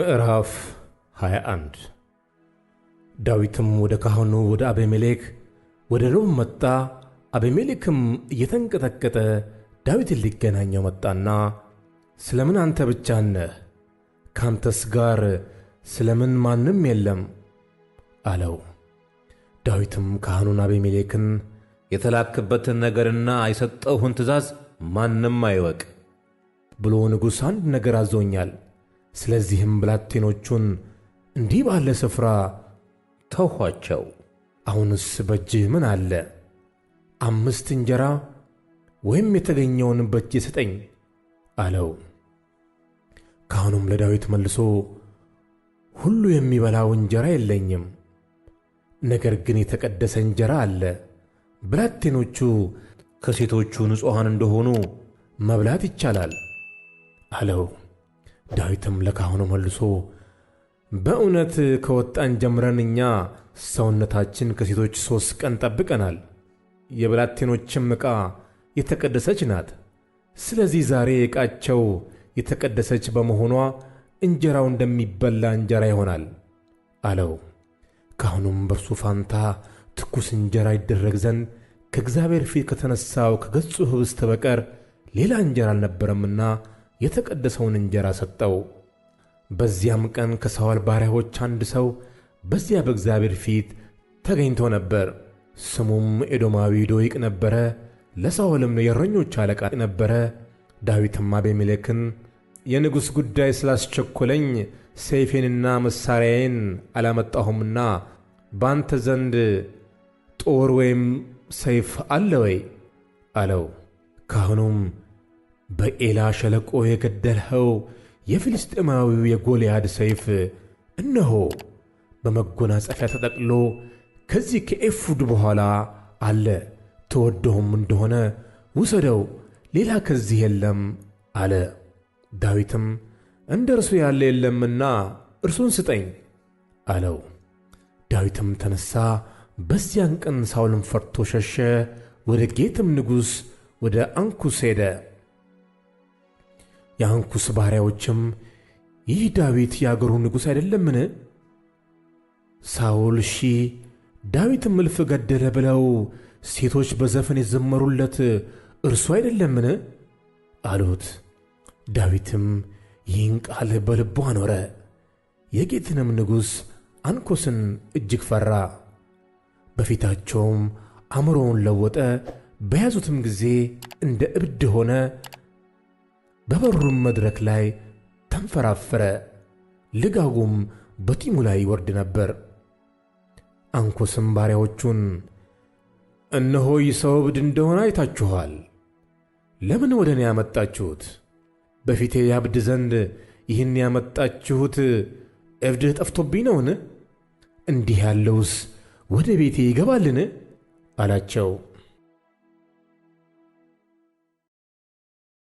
ምዕራፍ 21 ዳዊትም ወደ ካህኑ ወደ አቤሜሌክ ወደ ኖብ መጣ። አቤሜሌክም እየተንቀጠቀጠ ዳዊትን ሊገናኘው መጣና ስለምን አንተ ብቻ ነህ? ካንተስ ጋር ስለምን ማንም የለም? አለው። ዳዊትም ካህኑን አቤሜሌክን የተላክበትን ነገርና የሰጠሁህን ትእዛዝ ማንም አይወቅ ብሎ ንጉሥ አንድ ነገር አዞኛል ስለዚህም ብላቴኖቹን እንዲህ ባለ ስፍራ ተውኋቸው። አሁንስ በእጅህ ምን አለ? አምስት እንጀራ ወይም የተገኘውን በእጄ ስጠኝ አለው። ካህኑም ለዳዊት መልሶ ሁሉ የሚበላው እንጀራ የለኝም፣ ነገር ግን የተቀደሰ እንጀራ አለ። ብላቴኖቹ ከሴቶቹ ንጹሐን እንደሆኑ መብላት ይቻላል አለው። ዳዊትም ለካህኑ መልሶ በእውነት ከወጣን ጀምረን እኛ ሰውነታችን ከሴቶች ሦስት ቀን ጠብቀናል፣ የብላቴኖችም ዕቃ የተቀደሰች ናት። ስለዚህ ዛሬ ዕቃቸው የተቀደሰች በመሆኗ እንጀራው እንደሚበላ እንጀራ ይሆናል አለው። ካህኑም በእርሱ ፋንታ ትኩስ እንጀራ ይደረግ ዘንድ ከእግዚአብሔር ፊት ከተነሣው ከገጹ ኅብስት በቀር ሌላ እንጀራ አልነበረምና የተቀደሰውን እንጀራ ሰጠው። በዚያም ቀን ከሳዋል ባሪያዎች አንድ ሰው በዚያ በእግዚአብሔር ፊት ተገኝቶ ነበር። ስሙም ኤዶማዊ ዶይቅ ነበረ። ለሳኦልም የእረኞች አለቃ ነበረ። ዳዊትም አቤሜሌክን የንጉሥ ጉዳይ ስላስቸኮለኝ ሰይፌንና መሣሪያዬን አላመጣሁምና በአንተ ዘንድ ጦር ወይም ሰይፍ አለ ወይ? አለው። ካህኑም በኤላ ሸለቆ የገደልኸው የፊልስጤማዊው የጎልያድ ሰይፍ እነሆ በመጎናጸፊያ ተጠቅሎ ከዚህ ከኤፉድ በኋላ አለ። ተወደውም እንደሆነ ውሰደው፣ ሌላ ከዚህ የለም አለ። ዳዊትም እንደ እርሱ ያለ የለምና እርሱን ስጠኝ አለው። ዳዊትም ተነሳ በዚያን ቀን ሳውልን ፈርቶ ሸሸ። ወደ ጌትም ንጉሥ ወደ አንኩስ ሄደ። የአንኩስ ባሪያዎችም ይህ ዳዊት የአገሩ ንጉሥ አይደለምን? ሳኦል ሺ ዳዊትም እልፍ ገደለ ብለው ሴቶች በዘፈን የዘመሩለት እርሱ አይደለምን? አሉት። ዳዊትም ይህን ቃል በልቡ አኖረ። የጌትንም ንጉሥ አንኩስን እጅግ ፈራ። በፊታቸውም አእምሮውን ለወጠ። በያዙትም ጊዜ እንደ እብድ ሆነ። በበሩም መድረክ ላይ ተንፈራፈረ። ልጋጉም በጢሙ ላይ ይወርድ ነበር። አንኩስም ባሪያዎቹን እነሆ ይህ ሰው እብድ እንደሆነ አይታችኋል፤ ለምን ወደ እኔ ያመጣችሁት? በፊቴ ያብድ ዘንድ ይህን ያመጣችሁት እብድህ ጠፍቶብኝ ነውን? እንዲህ ያለውስ ወደ ቤቴ ይገባልን? አላቸው።